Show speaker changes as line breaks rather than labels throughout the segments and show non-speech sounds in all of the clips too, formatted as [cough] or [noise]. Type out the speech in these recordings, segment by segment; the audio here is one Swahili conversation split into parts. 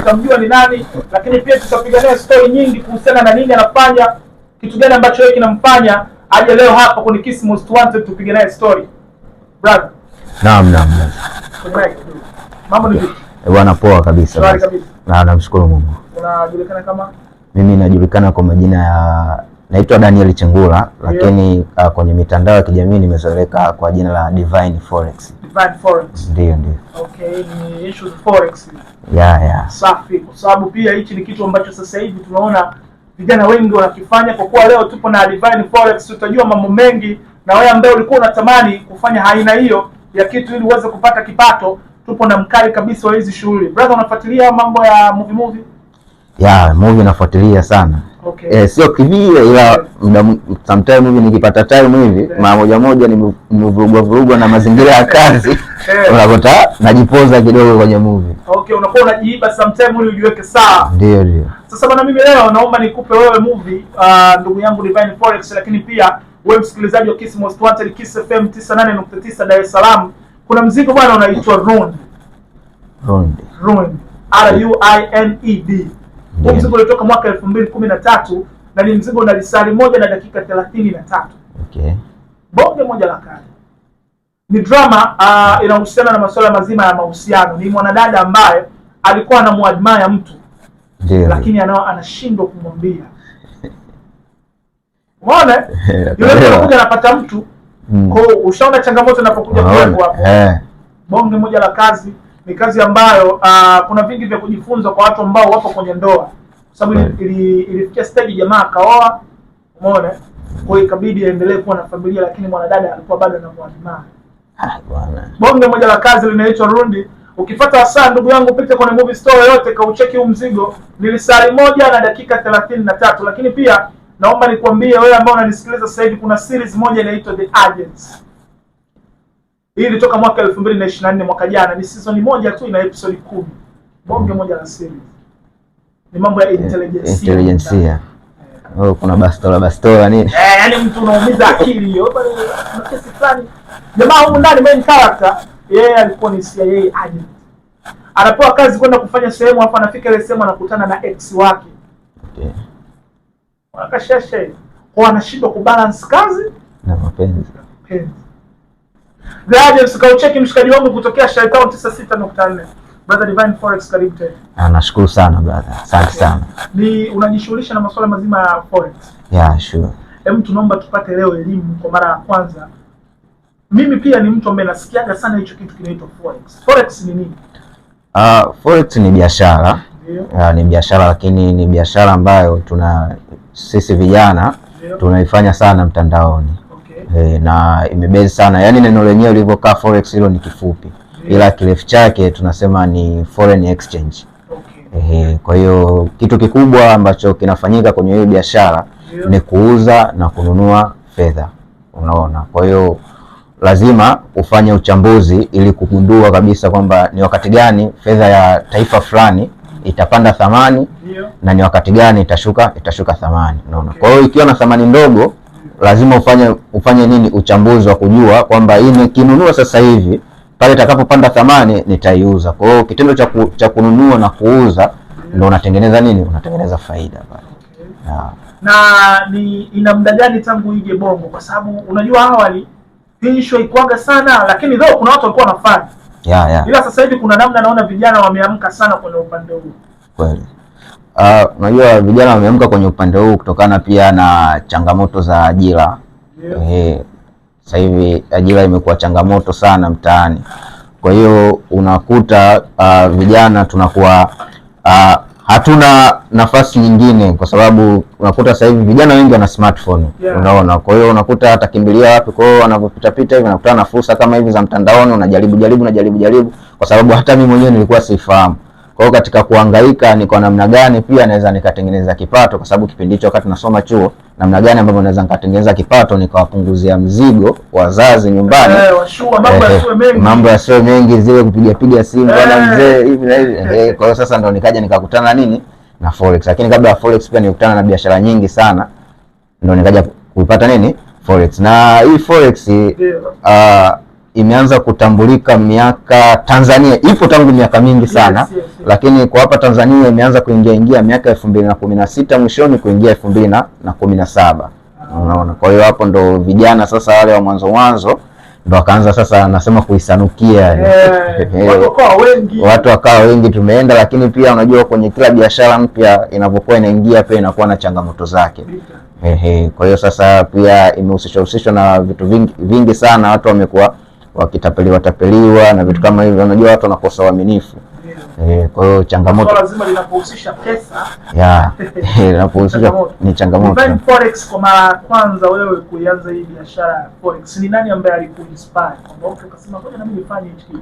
tukamjua ni nani, lakini pia tukapigania stori nyingi kuhusiana na nini anafanya, kitu gani ambacho yeye kinamfanya aje leo hapa kwenye Kiss Most Wanted tupige naye story. Brother. Naam, naam. naam. Mambo ni vipi? Eh, bwana poa kabisa. kabisa. Na
namshukuru Mungu.
Unajulikana kama?
Mimi najulikana kwa majina ya Naitwa Daniel Chengula lakini yeah. Uh, kwenye mitandao ya kijamii nimezoeleka kwa jina la Divine Forex. Divine Forex. Ndio, ndio. Okay, ni issues forex. Yeah, yeah. Safi, kwa sababu pia hichi ni kitu ambacho sasa hivi tunaona vijana wengi wanakifanya. Kwa kuwa leo tupo na Divine
Forex, utajua mambo mengi, na wewe ambaye ulikuwa unatamani kufanya aina hiyo ya kitu ili uweze kupata kipato, tupo na mkali kabisa wa hizi shughuli. Brother, unafuatilia mambo ya movie movie? Yeah, movie nafuatilia sana okay.
Eh, sio kivile, ila sometimes hivi nikipata time hivi yeah. mara moja moja nimevurugwa vurugwa na mazingira ya kazi yeah. [laughs] unakuta najipoza kidogo kwenye movie okay, unakuwa unajiiba sometimes ili ujiweke sawa. Ndio, ndio. Sasa bwana, mimi
leo naomba nikupe wewe
movie uh, ndugu yangu Divine Forex, lakini pia wewe msikilizaji wa Kiss Most Wanted Kiss FM 98.9 Dar es Salaam, kuna mzigo bwana unaitwa Rundi Rundi R U I N E D huu mzigo ulitoka mwaka elfu mbili kumi na tatu na ni mzigo na lisali moja na dakika
thelathini na tatu
okay. Bonge moja la kale ni drama uh, inahusiana na masuala mazima ya mahusiano. Ni mwanadada ambaye alikuwa anamwadmaya mtu yeah, lakini anao anashindwa kumwambia umeona [laughs] yule anakuja anapata mtu mm. Kwa ushaona changamoto inapokuja kwa hapo, eh. bonge moja la kazi ni kazi ambayo uh, kuna vingi vya kujifunza kwa watu ambao wapo kwenye ndoa, kwa sababu ilifikia stage jamaa akaoa, umeona, kwa hiyo ikabidi aendelee kuwa na familia, lakini mwanadada alikuwa bado na mwanamama. Ah, bwana, Bonge moja la kazi linaitwa Rundi. Ukifuata saa, ndugu yangu, pita kwenye movie store yote, kaucheki huu mzigo. nilisali moja na dakika thelathini na tatu, lakini pia naomba nikwambie wewe ambao unanisikiliza sasa hivi, kuna series moja inaitwa The Agents
hii ilitoka mwaka
2024 mwaka jana, ni season moja tu ina episode kumi, bonge moja la series. Ni mambo ya intelligence. Intelligence. Eh. Oh, kuna bastola bastola nini? Eh, yani mtu unaumiza akili
hiyo. Kuna
kesi fulani. Jamaa huko ndani main character, yeye alikuwa ni
CIA agent.
Anapewa kazi kwenda kufanya sehemu hapa, anafika ile sehemu anakutana na ex wake. Okay. Wakashasha.
Kwa anashindwa kubalance kazi
na mapenzi. Mapenzi. Ah, nashukuru sana brother. Asante sana. Ni unajishughulisha
na masuala mazima ya forex? Yeah, sure. Hem, tunaomba tupate leo elimu kwa mara ya kwanza. Mimi pia ni mtu ambaye nasikiaga sana hicho kitu kinaitwa forex. Forex ni nini? Ah, uh, forex ni biashara. Uh, ni biashara lakini ni biashara ambayo tuna sisi vijana tunaifanya sana mtandaoni e, na imebezi sana, yani neno lenyewe lilivyokaa forex hilo ni kifupi, ila kirefu chake tunasema ni foreign exchange. Ehe, kwa hiyo kitu kikubwa ambacho kinafanyika kwenye hiyo biashara ni kuuza na kununua fedha, unaona. Kwa hiyo lazima ufanye uchambuzi ili kugundua kabisa kwamba ni wakati gani fedha ya taifa fulani itapanda thamani na ni wakati gani itashuka itashuka thamani, unaona. Kwa hiyo ikiwa na thamani ndogo lazima ufanye ufanye nini, uchambuzi wa kujua
kwamba hii nikinunua sasa hivi pale itakapopanda thamani nitaiuza. Kwa hiyo kitendo cha cha kununua na kuuza ndio unatengeneza
nini, unatengeneza
faida pale. Na, na ni ina
muda gani tangu ije Bongo? Kwa sababu unajua awali insho ikuaga sana, lakini leo kuna watu walikuwa wanafanya yeah, yeah. Ila sasa hivi kuna namna naona vijana wameamka sana kwenye upande huu kweli. Ah, unajua uh, vijana wameamka kwenye upande huu kutokana pia na changamoto za ajira yeah. Eh, sasa hivi ajira imekuwa changamoto sana mtaani, kwa hiyo unakuta uh, vijana tunakuwa uh, hatuna nafasi nyingine, kwa sababu unakuta sasa hivi vijana wengi wana smartphone yeah. Unaona, kwa hiyo unakuta atakimbilia wapi? Kwa hiyo anapopita pita hivi anakutana na fursa kama hivi za mtandaoni, unajaribu jaribu na jaribu jaribu, kwa sababu hata mimi mwenyewe nilikuwa sifahamu
kwa hiyo katika kuhangaika ni
kwa namna gani pia naweza nikatengeneza kipato, kwa sababu kipindi hicho wakati tunasoma chuo, namna gani ambavyo naweza nikatengeneza kipato nikawapunguzia mzigo wazazi nyumbani, eh, eh, mambo yasiwe mengi, zile kupiga piga simu bwana eh. mzee hivi na hivi. Kwa hiyo sasa ndo nikaja nikakutana nini na forex, lakini kabla ya forex pia nilikutana na biashara nyingi sana, ndo nikaja kuipata nini forex na hii forex uh, imeanza kutambulika miaka Tanzania ipo tangu miaka mingi sana yes, yes, yes. Lakini kwa hapa Tanzania imeanza kuingia
ingia miaka elfu mbili na kumi na sita mwishoni
kuingia elfu mbili na kumi na saba unaona. Kwa hiyo hapo ndo vijana sasa wale wa mwanzo mwanzo ndo wakaanza sasa nasema kuisanukia yeah, [laughs] eh, watu wakawa wengi tumeenda, lakini pia unajua kwenye kila biashara mpya inapokuwa inaingia pia inakuwa na changamoto zake ehe.
Eh, kwa hiyo sasa pia imehusishwa
husishwa na vitu vingi, vingi sana watu wamekuwa
wakitapeliwa tapeliwa na vitu kama hivyo, unajua watu wanakosa uaminifu yeah. E, kwa hiyo changamoto lazima linapohusisha pesa
yeah. [laughs] [laughs] linapohusisha ni changamoto. Forex, kwa mara kwanza wewe kuanza hii biashara ya forex, ni nani ambaye alikuinspire kwamba ukasema ngoja na mimi nifanye hichi kitu?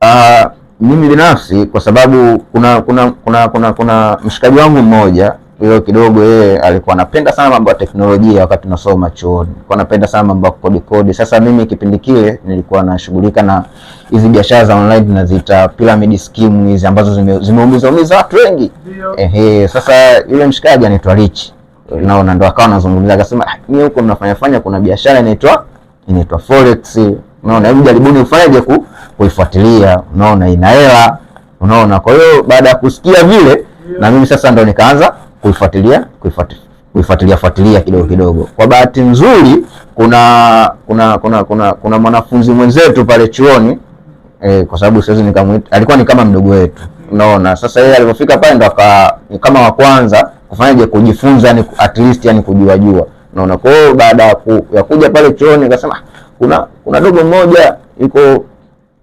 Ah, mimi binafsi kwa sababu kuna kuna kuna kuna, kuna mshikaji wangu mmoja hiyo kidogo, yeye alikuwa anapenda sana mambo ya teknolojia wakati tunasoma chuoni, alikuwa anapenda sana mambo ya kodi kodi. Sasa mimi kipindi kile nilikuwa nashughulika na hizi biashara za online tunaziita pyramid scheme hizi ambazo zimeumiza zime umiza watu wengi ehe. Sasa yule mshikaji anaitwa Rich, naona ndo akawa anazungumza akasema, ah, mimi huko mnafanya fanya, kuna biashara inaitwa inaitwa forex, unaona, hebu jaribuni ufanyaje ku kuifuatilia, unaona ina hela, unaona. Kwa hiyo baada ya kusikia vile na mimi sasa ndo nikaanza kuifuatilia kuifuatilia fuatilia kidogo kidogo. Kwa bahati nzuri kuna kuna kuna kuna, kuna mwanafunzi mwenzetu pale chuoni eh, kwa sababu siwezi nikamwita, alikuwa ni kama mdogo wetu, unaona. Sasa yeye alipofika pale ndo kama wa kwanza kufanyaje, kujifunza yani at least yani kujua jua, unaona. Kwa hiyo baada ya kuja pale chuoni akasema kuna kuna dogo mmoja yuko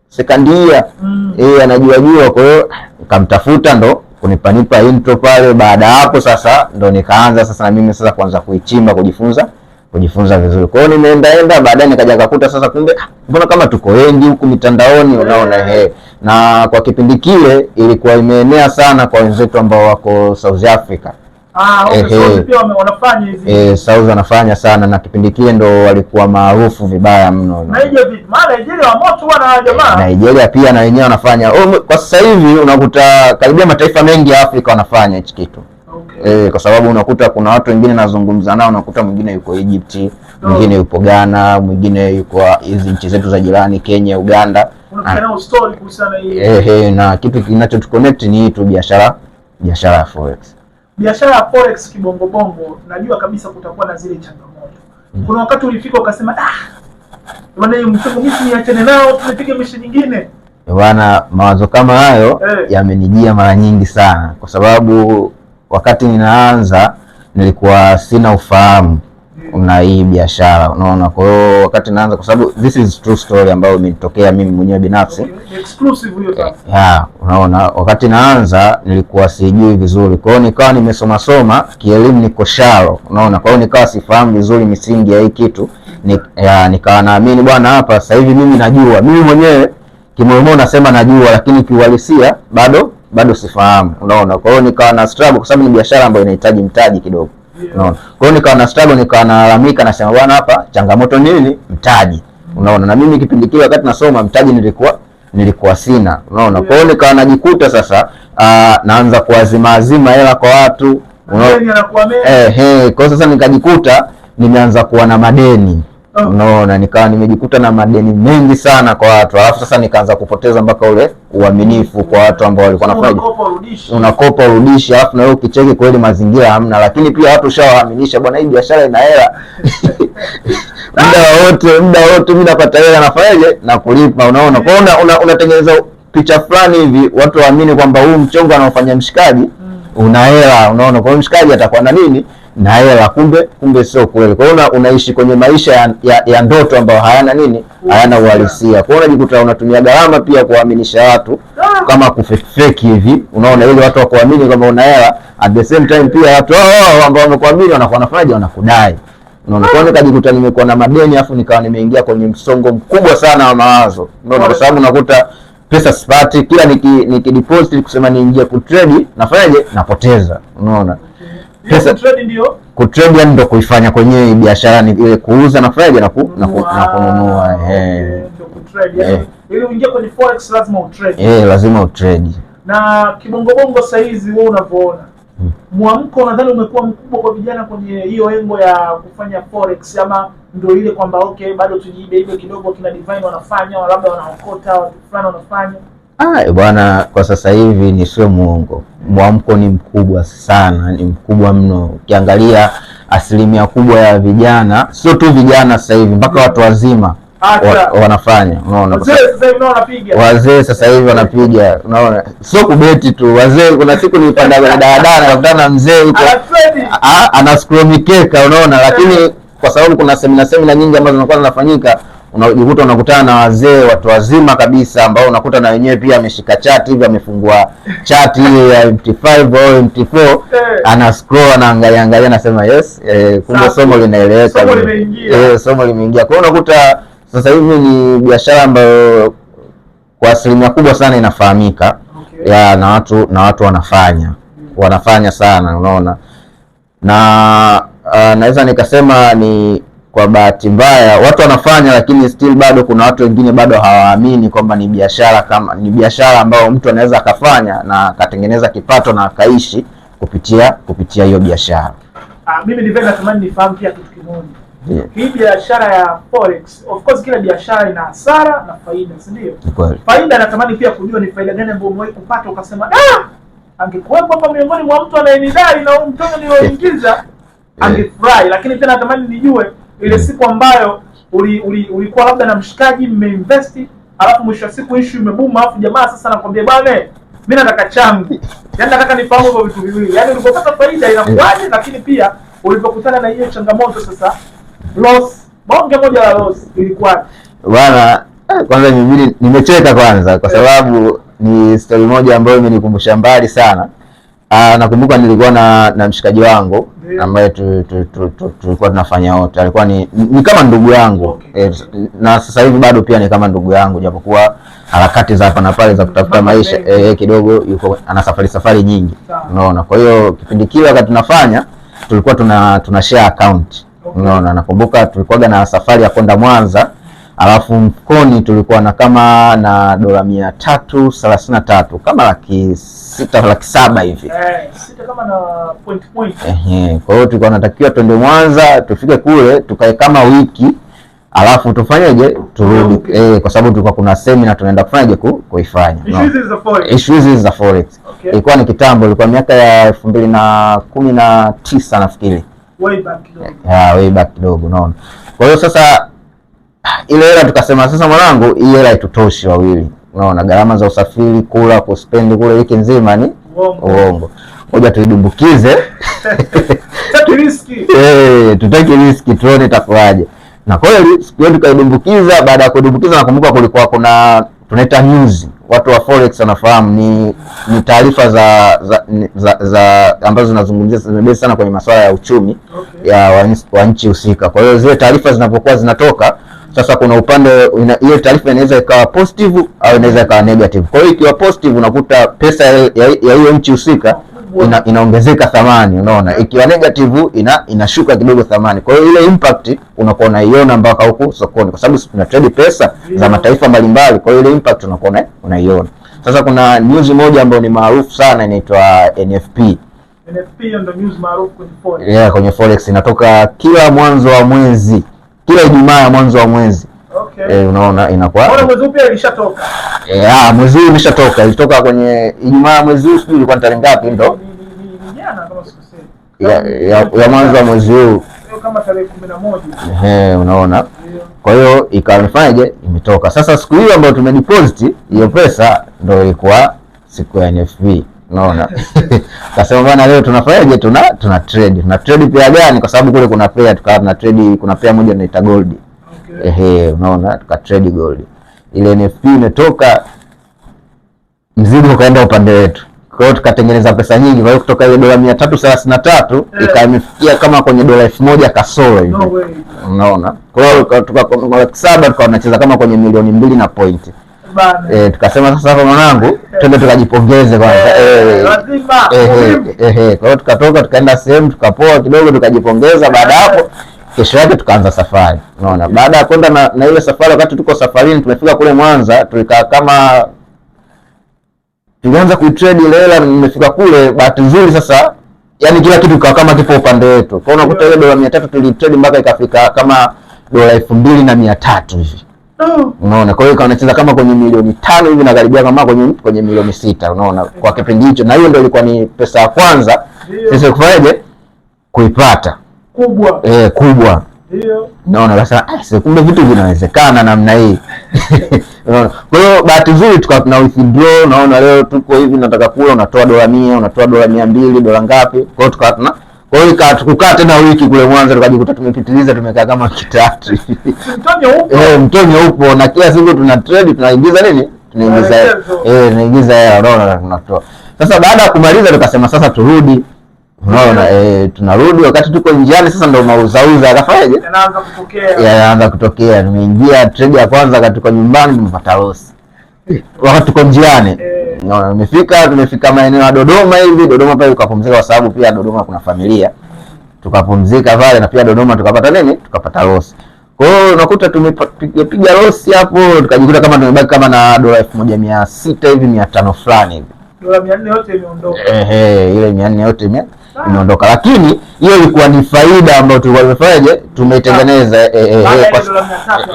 sekandia mm. eh, anajua jua, kwa hiyo nikamtafuta ndo kunipanipa intro pale. Baada hapo sasa ndo nikaanza sasa na mimi sasa kuanza kuichimba kujifunza kujifunza vizuri. Kwa hiyo nimeenda
enda, baadaye nikaja kakuta sasa, kumbe ah, mbona
kama tuko wengi huku mitandaoni, unaona he. Eh. Na kwa kipindi kile
ilikuwa imeenea sana kwa wenzetu ambao
wako South Africa Ah, eh, Sauzi wanafanya sana na kipindi kile ndo walikuwa maarufu vibaya mno. Eh, Nigeria pia na wenyewe wanafanya oh, kwa sasa hivi unakuta karibia mataifa mengi ya Afrika
wanafanya hichi kitu okay.
Eh, kwa sababu unakuta kuna watu wengine nazungumza nao, unakuta mwingine yuko Egypt, mwingine
yupo Ghana, mwingine yuko hizi nchi zetu za jirani Kenya, Uganda ah. na, story, eh, eh, na kitu kinachotuconnect ni hii tu biashara biashara ya forex
biashara ya forex kibongo bongo, najua kabisa kutakuwa na zile changamoto. Mm. Kuna wakati ulifika ukasema, ah, niachane nao tupige mishi nyingine eh, bwana. Mawazo kama hayo hey, eh. yamenijia mara nyingi sana, kwa sababu
wakati ninaanza
nilikuwa sina ufahamu na hii biashara unaona. Kwa hiyo wakati naanza, kwa sababu this is true story ambayo imenitokea mimi mwenyewe binafsi, exclusive, hiyo yeah, unaona, wakati naanza nilikuwa sijui vizuri, kwa hiyo nikawa nimesoma soma kielimu, niko shallow, unaona. Kwa hiyo nikawa sifahamu vizuri misingi ya hii kitu ni, ya, nikawa naamini bwana, hapa sasa hivi mimi najua, mimi mwenyewe kimoyomo, nasema najua, lakini kiuhalisia bado bado sifahamu, unaona. Kwa hiyo nikawa na struggle, kwa sababu ni biashara ambayo inahitaji mtaji kidogo Unaona? Kwa hiyo nikawa na struggle, nikawa nalalamika nasema bwana, hapa changamoto
nini? Mtaji.
Unaona? Na mimi kipindi kile wakati nasoma mtaji nilikuwa nilikuwa sina. Unaona? Kwa hiyo nikawa najikuta sasa aa, ah, naanza kuwazima azima hela kwa watu. Unaona? Eh, kwa sasa
nikajikuta
nimeanza kuwa na madeni. Ah. unaona, nikawa nimejikuta na madeni mengi sana kwa watu, alafu sasa nikaanza kupoteza mpaka ule uaminifu kwa watu ambao walikuwa wanafanya, unakopa urudishi, alafu na wewe ukicheki kweli mazingira hamna, lakini pia watu ushawaaminisha, bwana, hii biashara ina hela [laughs] muda wote, muda wote mimi napata hela, nafanyaje na kulipa, unaona. Kwa hiyo unatengeneza picha fulani hivi watu waamini kwamba huu mchongo anaofanya mshikaji mm. una hela, unaona. Kwa hiyo mshikaji atakuwa na nini na hela kumbe kumbe sio kweli. Kwa hiyo unaishi kwenye maisha ya, ya, ya ndoto ambayo hayana nini, hayana uhalisia. Kwa hiyo unajikuta unatumia gharama pia kuaminisha watu kama kufeki hivi, unaona ile watu wakuamini kwamba una hela, at the same time pia watu oh, oh, oh ambao wamekuamini wanakuwa wanafanyaje, wanakudai. Unaona, kwa nini kajikuta nimekuwa na madeni
afu nikawa nimeingia kwenye msongo
mkubwa sana wa mawazo. Unaona, kwa sababu nakuta pesa sipati, kila nikideposit
niki kusema niingie kutrade, nafanyaje, napoteza. Unaona
pesa kutrade ndio
kutrade, yani ndio kuifanya kwenye biashara ni ile kuuza na furaja na ku, na kununua, eh ndio kutrade. Eh. Ili uingie kwenye forex lazima u trade eh lazima u trade Na kibongo bongo sasa hizi wewe unavyoona hmm. mwamko
nadhani umekuwa mkubwa kwa vijana kwenye hiyo engo ya kufanya forex, ama ndio ile kwamba okay, bado tujibe hivyo kidogo, kina divine wanafanya, labda wanaokota watu fulani wanafanya. Ah bwana, kwa sasa hivi ni sio muongo
mwamko ni mkubwa
sana, ni mkubwa mno. Ukiangalia asilimia kubwa ya vijana, sio tu vijana sasa hivi, mpaka watu wazima wa, wanafanya unaona, wazee sasa hivi wanapiga, unaona, sio kubeti tu wazee. Kuna siku nilipanda kwenye daladala nakutana na mzee huko ana ah, scroll mikeka, unaona, lakini eh. kwa sababu kuna semina semina nyingi ambazo zinakuwa zinafanyika unajikuta unakutana na wazee watu wazima
kabisa, ambao unakuta na wenyewe pia
ameshika chati hivi, amefungua chati ya MT5 au MT4, eh. ana scroll anaangalia angalia, anasema yes, eh, kumbe somo linaeleweka, somo limeingia. eh, somo limeingia. Kwa hiyo unakuta sasa hivi ni biashara ambayo kwa asilimia kubwa sana inafahamika, okay. ya na watu na watu wanafanya wanafanya sana, unaona na uh, naweza nikasema ni kwa bahati mbaya watu wanafanya, lakini
still bado kuna watu wengine bado hawaamini kwamba ni biashara kama ni biashara ambayo mtu anaweza akafanya na akatengeneza kipato na akaishi kupitia kupitia hiyo biashara. Ah, mimi ni nilivyo natamani nifahamu pia kitu kimoja. Yeah. Hii biashara ya forex, of course kila biashara ina hasara na faida, si ndio? Faida natamani pia kujua ni faida gani ambayo umewahi kupata ukasema ah, angekuwepo hapa miongoni mwa mtu anayenidai na mtoto niliyoingiza [laughs] angefurahi, lakini tena natamani nijue ile mm. siku ambayo ulikuwa uli, uli, labda na mshikaji mmeinvest, alafu mwisho wa siku issue imebuma, alafu jamaa sasa anakwambia bwana,
mimi nataka changu, yaani nataka nifahamu hivyo vitu viwili, yaani ulipopata faida inakuwaje, lakini pia ulipokutana na hiyo changamoto sasa loss, bonge moja la loss ilikuwaje? Bwana eh, kwanza mimi nimecheka kwanza kwa sababu ni story moja ambayo imenikumbusha mbali sana. Aa, ah, nakumbuka nilikuwa na, na mshikaji wangu ambaye tulikuwa tunafanya wote, alikuwa ni ni kama ndugu yangu okay. E, na sasa hivi bado pia ni kama ndugu yangu, japokuwa harakati za hapa na pale za kutafuta maisha e, kidogo yuko ana safari safari nyingi, unaona. Kwa hiyo kipindi kile wakati tunafanya tulikuwa tuna tuna share account, unaona.
Nakumbuka tulikuwa na safari ya kwenda
Mwanza alafu mkoni tulikuwa na kama na dola mia tatu thelathini na tatu kama laki sita laki saba hivi eh.
Kwa hiyo tulikuwa tunatakiwa twende
Mwanza tufike kule tukae kama wiki alafu tufanyeje
turudi eh,
kwa sababu tulikuwa kuna semina tunaenda kufanyaje ku, kuifanya no. issue is za forex. Ilikuwa ni kitambo, ilikuwa miaka ya elfu mbili na kumi na tisa nafikiri, way back kidogo, yeah, way back kidogo, unaona. Kwa hiyo sasa
ah, ile hela tukasema,
sasa mwanangu, hii hela itutoshi wawili unaona gharama za usafiri, kula, kuspendi kule, wiki nzima ni uongo. Ngoja tuidumbukize [laughs] tutaki riski tuone itakuwaje. Na kweli siku hiyo tukaidumbukiza. Baada ya kudumbukiza, nakumbuka kulikuwa kuna tunaita news, watu wa forex wanafahamu ni, ni taarifa za, za, za, za ambazo zinazungumzia zimebezi sana kwenye masuala ya uchumi okay, ya wa nchi husika. Kwa hiyo zile taarifa zinapokuwa zinatoka sasa kuna upande hiyo taarifa inaweza ikawa positive au inaweza ikawa negative. Kwa hiyo ikiwa positive, unakuta pesa ya hiyo nchi husika ina, inaongezeka thamani, unaona. Ikiwa negative ina inashuka kidogo thamani. Kwa hiyo ile impact
unakuwa unaiona mpaka huku sokoni,
kwa sababu tuna trade pesa za mataifa mbalimbali. Kwa hiyo ile impact unakuwa unaiona. Sasa kuna news moja ambayo ni maarufu sana
inaitwa NFP.
NFP ndio news maarufu kwenye forex. Yeah, kwenye forex inatoka kila mwanzo wa mwezi kila Ijumaa ya mwanzo wa mwezi. Okay. E, unaona inakuwa
mwezi huu ilishatoka.
Eh, ah, mwezi huu imeshatoka. Ilitoka kwenye Ijumaa ya mwezi huu, sijui ilikuwa tarehe ngapi ndo? Ya, ya, ya mwanzo wa mwezi huu kama tarehe 11. Eh, unaona. Kwa hiyo ikanifanyaje? Imetoka. Sasa siku hiyo ambayo tumedeposit hiyo pesa ndo ilikuwa siku ya NFB. Unaona? [laughs] Kasema bwana leo tunafanyaje? Tuna tuna trade. Tuna trade pia gani? Kwa sababu kule kuna player tukawa tuna trade, kuna player moja anaita gold. Okay. Ehe, unaona? Tuka trade gold. Ile NFT imetoka mzigo ukaenda upande wetu. Kwa hiyo tukatengeneza pesa nyingi. Kwa hiyo kutoka ile dola 333 eh. ikamefikia kama kwenye dola 1000 kasoro hivi. Unaona? Kwa hiyo tuka kwa saba tukawa tunacheza kama kwenye milioni mbili na pointi eh, tukasema sasa kwa mwanangu, twende tukajipongeze kwanza. Eh, eh, eh, kwa hiyo tukatoka tukaenda sehemu tukapoa kidogo tukajipongeza. Baada hapo kesho yake tukaanza safari, unaona. Baada ya kwenda na, na ile safari, wakati tuko safarini tumefika kule Mwanza tulikaa kama tulianza kuitrade ile hela. Nimefika kule, bahati nzuri sasa, yani kila kitu kikawa kama kipo upande wetu, kwa unakuta ile dola mia tatu tulitrade mpaka ikafika kama dola elfu mbili na mia tatu hivi Unaona, kwa hiyo ikawa anacheza kama kwenye milioni tano hivi na karibia kama kwenye kwenye milioni sita, unaona kwa kipindi hicho, na hiyo ndio ilikuwa ni pesa ya kwanza sisi kufanyaje kuipata kubwa, eh kubwa, ndio unaona. Sasa ah, sasa kumbe vitu vinawezekana namna hii [laughs] unaona. Kwa hiyo bahati nzuri tukawa na
withdraw, unaona, leo
tuko hivi, nataka kula, unatoa dola 100, unatoa dola 200, dola ngapi? Kwa hiyo tukawa tuna kwa hiyo tukukaa tena wiki kule Mwanza tukajikuta tumepitiliza tumekaa kama kitatu. Mtonyo upo. Eh, mtonyo upo na kila siku tuna trade tunaingiza nini?
Tunaingiza eh, tunaingiza
hela unaona na tunatoa. Sasa baada ya kumaliza tukasema sasa turudi. Unaona eh, tunarudi wakati tuko njiani sasa ndio mauzauza akafanyaje? Yanaanza kutokea. Yanaanza kutokea. Nimeingia trade ya kwanza katika nyumbani nimepata loss. Eh. Wakati tuko njiani. Eh no, umefika tumefika maeneo ya Dodoma hivi Dodoma pale tukapumzika, kwa sababu pia Dodoma kuna familia,
tukapumzika pale na pia
Dodoma tukapata nini, tukapata losi. Kwa hiyo unakuta tumepiga losi hapo, tukajikuta kama tumebaki kama na dola elfu moja mia sita hivi mia tano fulani hivi ile mia nne yote imeondoka, lakini hiyo ilikuwa ni faida ambayo tulikuwa tumefanyaje, tumetengeneza eh, eh,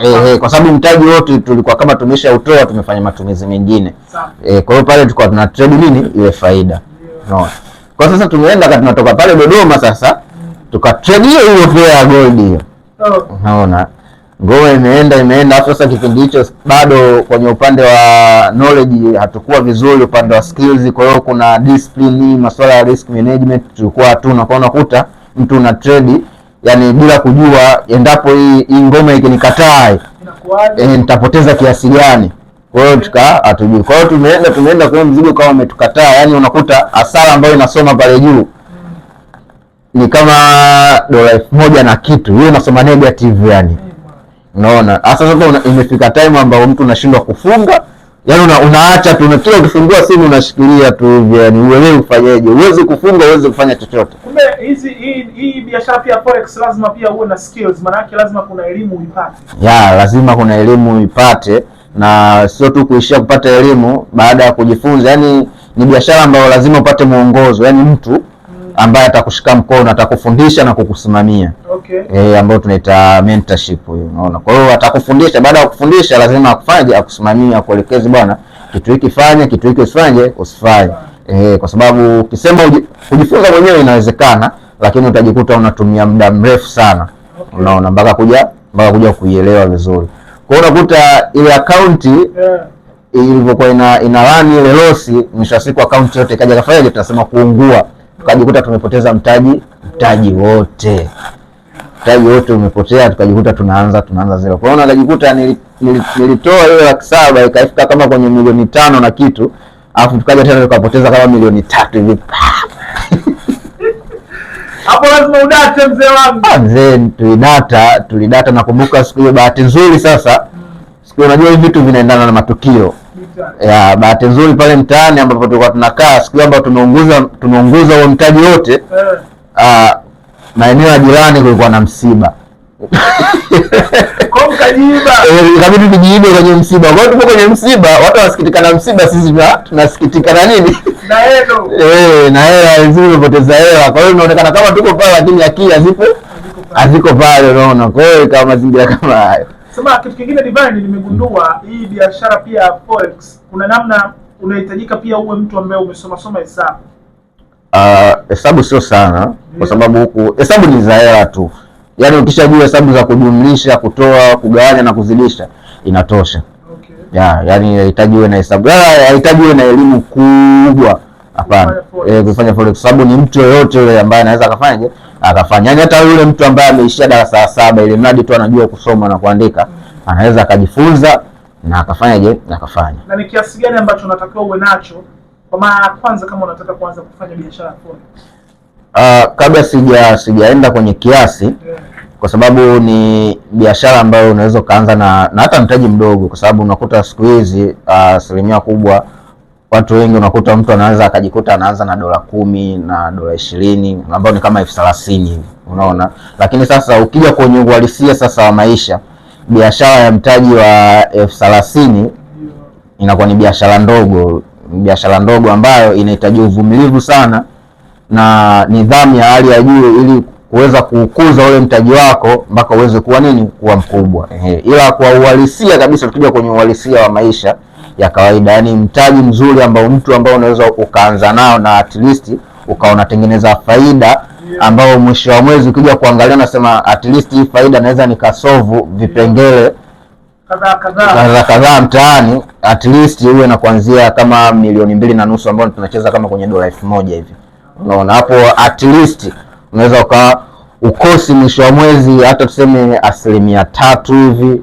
eh, kwa sababu mtaji wote tulikuwa kama tumesha utoa, tumefanya matumizi mengine. Kwa hiyo pale tulikuwa tuna trade nini, ile faida no. Kwa sasa tumeenda tunatoka pale Dodoma sasa tukatrade hiyo hiyo ya gold hiyo, oh. unaona Goa imeenda imeenda, hata sasa kipindi hicho bado kwenye upande wa knowledge hatukuwa vizuri, upande wa skills. Kwa hiyo kuna discipline, masuala ya risk management tulikuwa hatuna, kwa unakuta mtu na trade yani bila kujua endapo hii hii ngoma ikinikatai eh, nitapoteza kiasi gani. Kwa hiyo tuka hatujui, kwa hiyo tumeenda tumeenda kwa mzigo kama umetukataa, yani unakuta hasara ambayo inasoma pale juu ni kama dola elfu moja na kitu, hiyo unasoma negative yani mm.
Unaona, hasa sasa imefika time ambayo mtu unashindwa kufunga, yani una, unaacha tu na kila
ukifungua simu unashikilia tu hivi yani uelewi ufanyeje, uwezi kufunga, uwezi kufanya chochote. Kumbe hizi hii hii biashara pia forex lazima pia uwe na skills, maana yake lazima kuna elimu uipate. Ya, lazima kuna elimu uipate na sio tu kuishia kupata elimu baada ya kujifunza, yani ni biashara ambayo lazima upate mwongozo, yani mtu ambaye atakushika mkono, atakufundisha na kukusimamia okay. E, ambayo tunaita mentorship hiyo, unaona. Kwa hiyo atakufundisha, baada ya kufundisha lazima akufanye, akusimamie, akuelekeze, bwana, kitu hiki fanye, kitu hiki usifanye, usifanye eh, kwa sababu ukisema kujifunza mwenyewe inawezekana, lakini utajikuta unatumia muda mrefu sana okay. Unaona, mpaka kuja mpaka kuja kuielewa vizuri. Kwa hiyo unakuta ile akaunti yeah ilivyokuwa ina ina rani ile losi, mwisho wa siku akaunti yote ikaja kafanyaje, tunasema kuungua tukajikuta tumepoteza mtaji mtaji wote mtaji wote umepotea,
tukajikuta tunaanza tunaanza zero. Kwa hiyo nikajikuta nilitoa
hiyo laki saba ikafika kama kwenye milioni tano na kitu, alafu tukaja tena tukapoteza kama milioni tatu hivi. [laughs] Hapo lazima udate mzee wangu. Ah, mzee tulidata, tulidata. Nakumbuka siku hiyo bahati nzuri sasa, siku unajua hivi vitu vinaendana na
matukio ya bahati nzuri pale mtaani ambapo
tulikuwa tunakaa siku ambayo tumeunguza tumeunguza huo mtaji wote, eh. ah, maeneo
ya jirani kulikuwa
na msiba [laughs] eh, ikabidi tujiibe kwenye msiba. Kwa hiyo tupo kwenye msiba, watu wanasikitika na msiba, sisi
tunasikitika na nini na hela vizuri, eh, umepoteza hela. Kwa hiyo inaonekana kama tuko pale, lakini akili haziko
pale, unaona. Kwa hiyo ikawa mazingira kama hayo. Sema kitu kingine Divine, nimegundua hii biashara pia ya forex kuna namna unahitajika pia uwe mtu ambaye umesoma soma hesabu. Uh, hesabu sio sana yeah, kwa sababu huku hesabu ni za hela tu, yaani ukishajua hesabu za kujumlisha, kutoa, kugawanya na kuzidisha inatosha. Okay. Ya, yaani hahitaji uwe na hesabu, hahitaji uwe na elimu kubwa, hapana, kufanya forex, eh, sababu
ni mtu yoyote yule ambaye anaweza akafanyaje akafanya. Yani hata yule mtu ambaye ameishia darasa la saba, ili
mradi tu anajua kusoma na kuandika, mm. anaweza akajifunza na akafanyaje, akafanya. Na ni kiasi gani ambacho unatakiwa uwe nacho kwa mara ya kwanza kama unataka kuanza kufanya biashara forex? Uh, ah, kabla sija sijaenda kwenye kiasi yeah. Kwa sababu ni biashara ambayo unaweza ukaanza na, na hata mtaji mdogo, kwa sababu unakuta siku hizi ah, asilimia uh, kubwa watu wengi unakuta mtu anaanza akajikuta anaanza na dola kumi na dola ishirini ambayo ni kama elfu thelathini hivi, unaona. Lakini sasa ukija kwenye uhalisia sasa wa maisha, biashara ya mtaji wa elfu thelathini inakuwa ni biashara ndogo, biashara ndogo ambayo inahitaji uvumilivu sana na nidhamu ya hali ya juu ili kuweza kuukuza ule mtaji wako mpaka uweze kuwa nini, kuwa mkubwa. ila kwa uhalisia kabisa, tukija kwenye uhalisia wa maisha ya kawaida, yaani mtaji mzuri ambao mtu ambao unaweza ukaanza nao na at least ukawa unatengeneza faida ambao mwisho wa mwezi ukija kuangalia nasema at least hii faida naweza nikasovu vipengele kadhaa kadhaa mtaani, at least uwe na kuanzia kama milioni mbili na nusu ambao tunacheza kama kwenye dola elfu moja hivi, unaona hapo, at least unaweza uka ukosi mwisho wa mwezi hata tuseme asilimia tatu hivi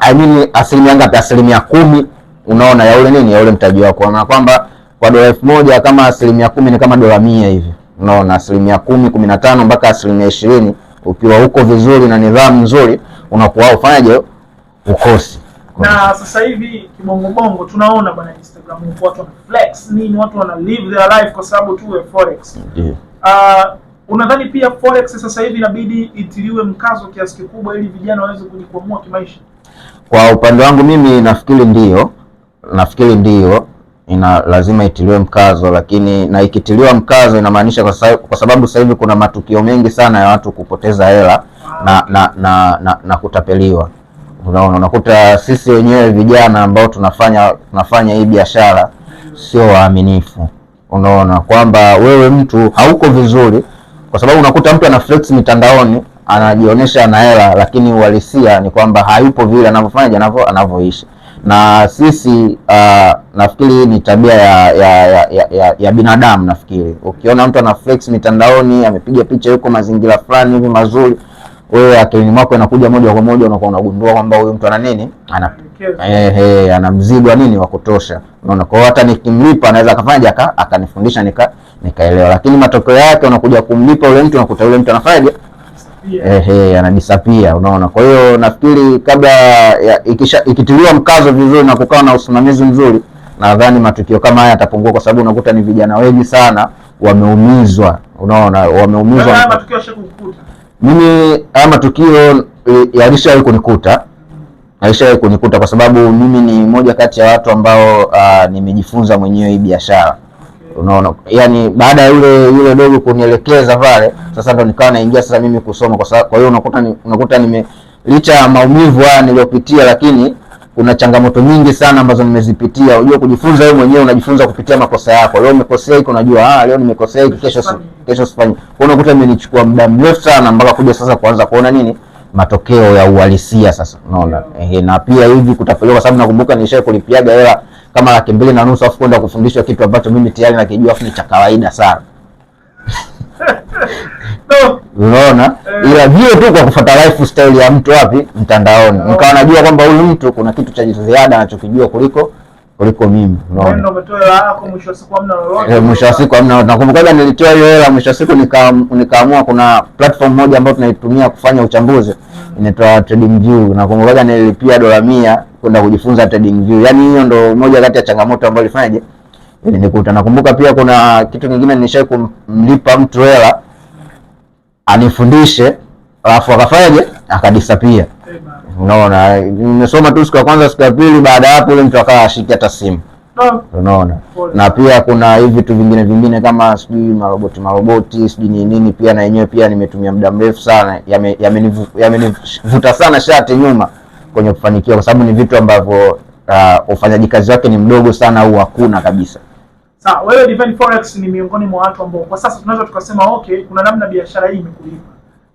I mean asilimia ngapi? Asilimia kumi unaona ya ule nini ya ule mtaji wako, na kwamba kwa dola elfu moja kama asilimia kumi ni kama dola mia hivi, unaona asilimia kumi kumi na tano mpaka asilimia ishirini ukiwa huko vizuri na nidhamu nzuri, unakuwa ufanyaje ukosi na sasa hivi kibongo bongo tunaona bwana, Instagram watu wana flex nini, watu wana live their life kwa sababu tu ya forex. Yeah. Uh, unadhani pia forex sasa hivi inabidi itiliwe mkazo kiasi kikubwa ili vijana waweze kujikwamua kimaisha? Kwa upande wangu mimi nafikiri ndiyo nafikiri ndiyo ina lazima itiliwe mkazo, lakini na ikitiliwa mkazo inamaanisha kwa, kwa sababu sasa hivi kuna matukio mengi sana ya watu kupoteza hela na, na, na, na, na kutapeliwa. Unaona, unakuta sisi wenyewe vijana ambao tunafanya tunafanya hii biashara sio waaminifu. Unaona kwamba wewe mtu hauko vizuri, kwa sababu unakuta mtu ana flex mitandaoni anajionyesha ana hela, lakini uhalisia ni kwamba hayupo vile anavyofanya anavyoishi na sisi uh, nafikiri ni tabia ya, ya, ya, ya, ya binadamu. Nafikiri ukiona mtu ana flex mitandaoni, amepiga picha, yuko mazingira fulani hivi mazuri, wewe akilini mwako inakuja moja kwa moja, unakuwa unagundua kwamba huyu mtu ana nini, ana eh, eh, ana mzigo wa nini wa kutosha, unaona. Kwa hata nikimlipa anaweza akafanya akanifundisha nika nikaelewa, lakini matokeo yake unakuja kumlipa yule mtu, unakuta yule mtu anafanya eh, anadisapia unaona. Kwa hiyo nafikiri kabla ikisha, ikitiliwa mkazo vizuri na kukawa na usimamizi mzuri, nadhani matukio kama haya yatapungua, kwa sababu unakuta ni vijana wengi sana wameumizwa, unaona, wameumizwa. Mimi haya matukio eh, yalishawahi kunikuta yalishawahi kunikuta, kwa sababu mimi ni moja kati ya watu ambao ah, nimejifunza mwenyewe hii biashara unaona, yani baada ya yule yule dogo kunielekeza pale, sasa ndo nikawa naingia sasa mimi kusoma kwa sababu. Kwa hiyo unakuta ni, unakuta nime licha ya maumivu haya niliyopitia, lakini kuna changamoto nyingi sana ambazo nimezipitia. Unajua, kujifunza wewe mwenyewe unajifunza kupitia makosa yako. Leo umekosea hiki, unajua ah, leo nimekosea hiki, kesho kesho sifanyi. Kwa unakuta imenichukua muda mrefu sana mpaka kuja sasa kuanza kuona nini matokeo ya uhalisia sasa, unaona ehe, na pia hivi kutafeliwa, kwa sababu nakumbuka nilishakulipiaga hela kama laki mbili na nusu afu kwenda kufundishwa kitu ambacho mimi tayari nakijua afu ni cha kawaida sana Unaona eh. ila vio tu kwa kufuata lifestyle ya mtu wapi mtandaoni, nikawa najua kwamba huyu mtu kuna kitu cha ziada anachokijua kuliko kuliko mimi. Unaona, Mwisho wa siku amna eh, hamna. Nakumbukaga nilitoa hiyo hela mwisho wa siku nikaamua, kuna platform moja ambayo tunaitumia kufanya uchambuzi mm. inaitwa TradingView. Nakumbukaga nililipia dola mia kwenda kujifunza TradingView. Yaani hiyo ndo moja kati ya changamoto ambayo ilifanyaje ilinikuta. Nakumbuka pia kuna kitu kingine nilishai kumlipa mtu hela anifundishe, alafu akafanyaje akadisapia unaona, nimesoma tu siku ya kwanza, siku ya pili, baada ya hapo yule mtu akawa ashiki hata simu ah. unaona na pia kuna hivi vitu vingine vingine kama sijui maroboti maroboti sijui ni nini, pia na yenyewe pia nimetumia muda mrefu sana, yamenivuta yame yame sana shati nyuma kwenye kufanikiwa, kwa sababu ni vitu ambavyo uh, ufanyaji kazi wake ni mdogo sana au hakuna kabisa. Sawa, wewe Divine Forex ni miongoni mwa watu ambao kwa sasa tunaweza tukasema okay, kuna namna biashara hii imekulipa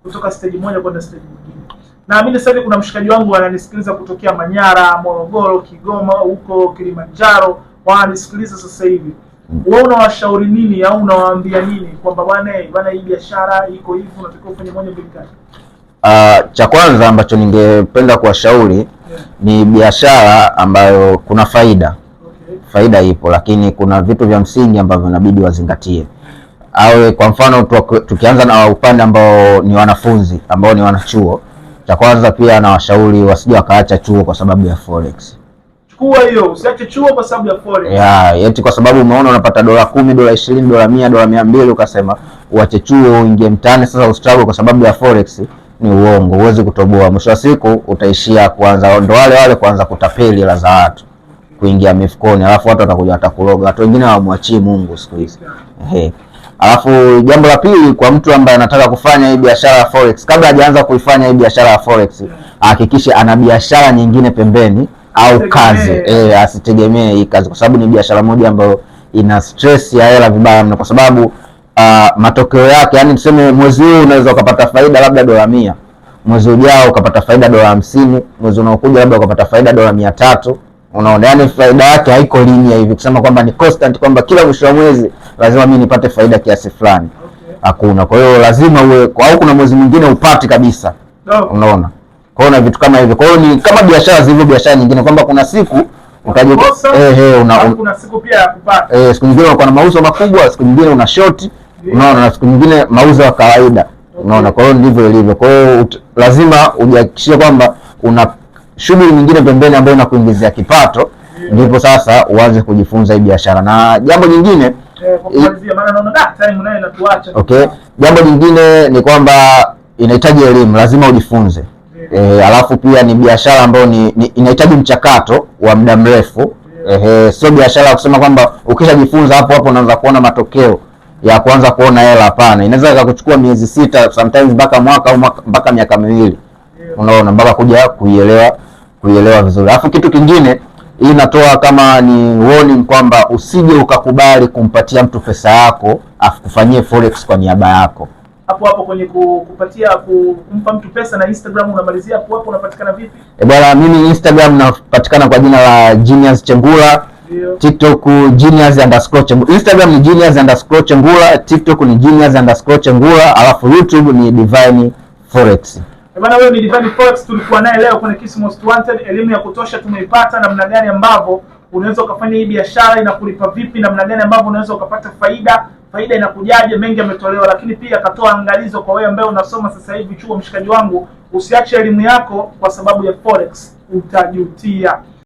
kutoka stage moja kwenda stage nyingine. Naamini sasa hivi kuna mshikaji wangu ananisikiliza kutokea Manyara, Morogoro, Kigoma, huko Kilimanjaro, wananisikiliza sasa hivi. Mm. Wewe unawashauri nini au unawaambia nini kwamba bwana eh, bwana, hii biashara iko hivi, unatakiwa ufanye moja mbili tatu? Uh, cha kwanza ambacho ningependa kuwashauri yeah, ni biashara ambayo kuna faida okay. Faida ipo lakini kuna vitu vya msingi ambavyo inabidi wazingatie awe, kwa mfano tukianza na upande ambao ni wanafunzi ambao ni wanachuo cha kwanza pia anawashauri wasije wakaacha chuo kwa sababu ya forex. Chukua hiyo, usiache chuo kwa sababu ya forex. Ya, eti kwa sababu umeona unapata dola kumi, dola ishirini, dola mia, dola mia mbili ukasema uache chuo uingie mtaani sasa ustruggle kwa sababu ya forex ni uongo, huwezi kutoboa. Mwisho wa siku utaishia kuanza ndo wale wale kuanza kutapeli hela za watu, kuingia mifukoni, alafu watu watakuja watakuloga. Watu wengine hawamwachii Mungu siku hizi. Ehe. Alafu jambo la pili kwa mtu ambaye anataka kufanya hii biashara ya forex, kabla hajaanza kuifanya hii biashara ya forex, ahakikishe ana biashara nyingine pembeni au kazi eh, asitegemee hii kazi, kwa sababu ni biashara moja ambayo ina stress ya hela vibaya mno, kwa sababu uh, matokeo yake, yani tuseme mwezi huu unaweza ukapata faida labda dola mia, mwezi ujao ukapata faida dola hamsini, mwezi unaokuja labda ukapata faida dola mia tatu. Unaona, yani faida yake haiko linia hivi kusema kwamba ni constant, kwamba kila mwisho wa mwezi lazima mimi nipate faida kiasi fulani. Hakuna. Kwa hiyo lazima uwe au kuna mwezi mwingine upati kabisa. no. Unaona? Kwa hiyo na vitu kama hivyo. Kwa hiyo ni kama biashara zilivyo biashara nyingine kwamba kuna siku utaje eh eh una, un... kuna siku pia ya kupata. Eh, siku nyingine unakuwa na mauzo makubwa, siku nyingine una short. yeah. Unaona, na siku nyingine mauzo ya kawaida. okay. Unaona? Kwa hiyo ndivyo ilivyo. Kwa hiyo lazima ujihakikishie kwamba una shughuli nyingine pembeni ambayo inakuingizia kipato, ndipo sasa uanze kujifunza hii biashara. Na jambo jingine Eh, eh, okay. Jambo lingine ni kwamba inahitaji elimu, lazima ujifunze E, alafu pia ni biashara ambayo ni, ni inahitaji mchakato wa muda mrefu E, sio biashara ya kusema kwamba ukishajifunza hapo hapo unaanza kuona matokeo ya kuanza kuona hela. Hapana, inaweza ikakuchukua miezi sita sometimes mpaka mwaka au mpaka miaka miwili, unaona, mpaka kuja kuielewa kuielewa vizuri. Alafu kitu kingine hii inatoa kama ni warning kwamba usije ukakubali kumpatia mtu pesa yako akufanyie forex kwa niaba yako. Hapo hapo kwenye kupatia kumpa mtu pesa na Instagram unamalizia hapo hapo, unapatikana vipi? Eh, bwana mimi Instagram napatikana kwa jina la Genius Chengula. Dio. TikTok Genius underscore Chengula. Instagram ni Genius underscore Chengula, TikTok ni Genius underscore Chengula, alafu YouTube ni Divine Forex. Maana huyo ni Divan Forex tulikuwa naye leo kwenye Kiss Most Wanted. Elimu ya kutosha tumeipata, namna gani ambavyo unaweza ukafanya hii biashara, inakulipa vipi, namna gani ambavyo unaweza ukapata faida, faida inakujaje, mengi yametolewa. Lakini pia akatoa angalizo kwa wewe ambaye unasoma sasa hivi chuo, mshikaji wangu, usiache elimu yako kwa sababu ya forex, utajutia.